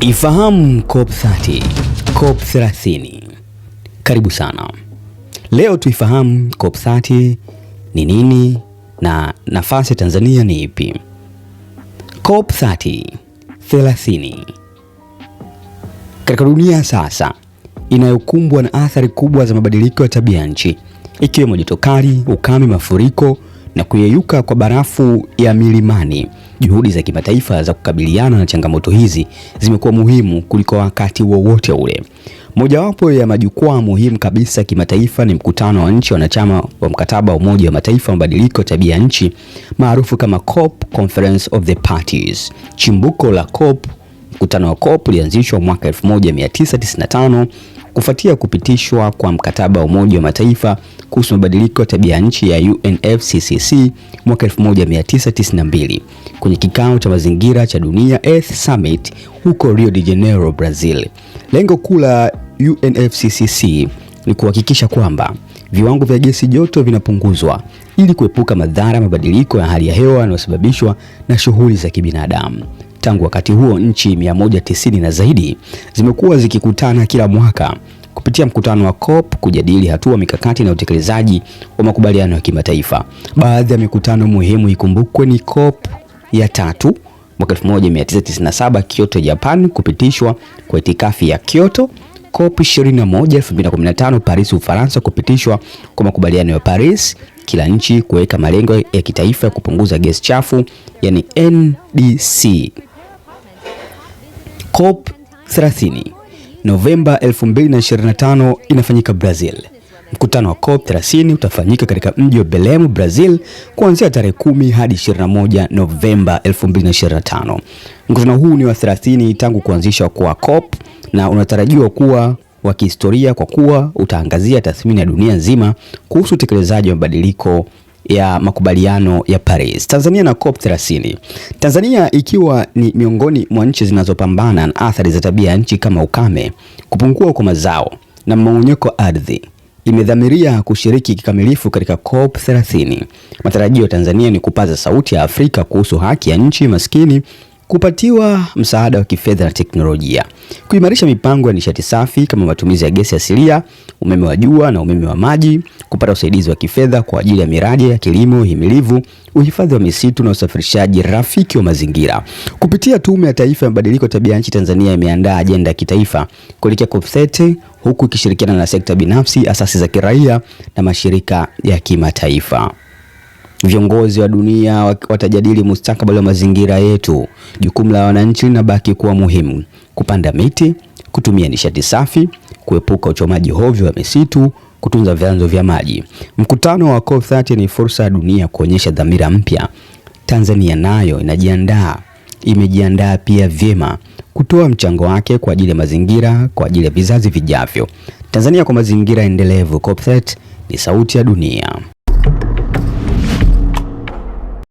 Ifahamu COP 30, COP 30. Karibu sana. Leo tuifahamu COP 30 ni nini na nafasi ya Tanzania ni ipi? COP 30, 30. Katika dunia sasa inayokumbwa na athari kubwa za mabadiliko ya tabia nchi ikiwemo joto kali, ukame, mafuriko na kuyeyuka kwa barafu ya milimani Juhudi za kimataifa za kukabiliana na changamoto hizi zimekuwa muhimu kuliko wakati wowote wa ule. Mojawapo ya majukwaa muhimu kabisa kimataifa ni mkutano wa nchi wanachama wa mkataba wa Umoja wa Mataifa wa mabadiliko ya tabia ya nchi maarufu kama COP, Conference of the Parties. Chimbuko la COP, mkutano wa COP ulianzishwa mwaka 1995 Kufuatia kupitishwa kwa mkataba wa Umoja wa Mataifa kuhusu mabadiliko ya tabia nchi ya UNFCCC mwaka 1992 kwenye kikao cha mazingira cha dunia Earth Summit huko Rio de Janeiro, Brazil. Lengo kuu la UNFCCC ni kuhakikisha kwamba viwango vya gesi joto vinapunguzwa ili kuepuka madhara mabadiliko ya hali ya hewa yanayosababishwa na shughuli za kibinadamu. Tangu wakati huo nchi 190 na zaidi zimekuwa zikikutana kila mwaka kupitia mkutano wa COP kujadili hatua, mikakati na utekelezaji wa makubaliano ya kimataifa. Baadhi ya mikutano muhimu ikumbukwe ni COP ya tatu mwaka 1997 Kyoto, Japan, kupitishwa kwa itikafi ya Kyoto, COP 21 2015 Paris, Ufaransa, kupitishwa kwa makubaliano ya Paris, kila nchi kuweka malengo ya kitaifa ya kupunguza gesi chafu yani NDC. COP 30 Novemba 2025 inafanyika Brazil. Mkutano wa COP 30 utafanyika katika mji wa Belém, Brazil kuanzia tarehe kumi hadi 21 Novemba 2025. Mkutano huu ni wa 30 tangu kuanzishwa kwa COP na unatarajiwa kuwa wa kihistoria kwa kuwa utaangazia tathmini ya dunia nzima kuhusu utekelezaji wa mabadiliko ya makubaliano ya Paris. Tanzania na COP 30. Tanzania ikiwa ni miongoni mwa nchi zinazopambana na athari za tabia ya nchi kama ukame, kupungua kwa mazao na mmomonyoko ardhi imedhamiria kushiriki kikamilifu katika COP 30. Matarajio ya Tanzania ni kupaza sauti ya Afrika kuhusu haki ya nchi maskini kupatiwa msaada wa kifedha na teknolojia, kuimarisha mipango ya nishati safi kama matumizi ya gesi asilia, umeme wa jua na umeme wa maji, kupata usaidizi wa kifedha kwa ajili ya miradi ya kilimo himilivu, uhifadhi wa misitu na usafirishaji rafiki wa mazingira. Kupitia Tume ya Taifa ya Mabadiliko ya Tabia Nchi, Tanzania imeandaa ajenda ya kitaifa kuelekea COP30 huku ikishirikiana na sekta binafsi, asasi za kiraia na mashirika ya kimataifa. Viongozi wa dunia watajadili mustakabali wa mazingira yetu. Jukumu la wananchi linabaki kuwa muhimu: kupanda miti, kutumia nishati safi, kuepuka uchomaji hovyo wa misitu, kutunza vyanzo vya maji. Mkutano wa COP30 ni fursa ya dunia kuonyesha dhamira mpya. Tanzania nayo inajiandaa, imejiandaa pia vyema kutoa mchango wake kwa ajili ya mazingira, kwa ajili ya vizazi vijavyo. Tanzania kwa mazingira endelevu. COP30 ni sauti ya dunia.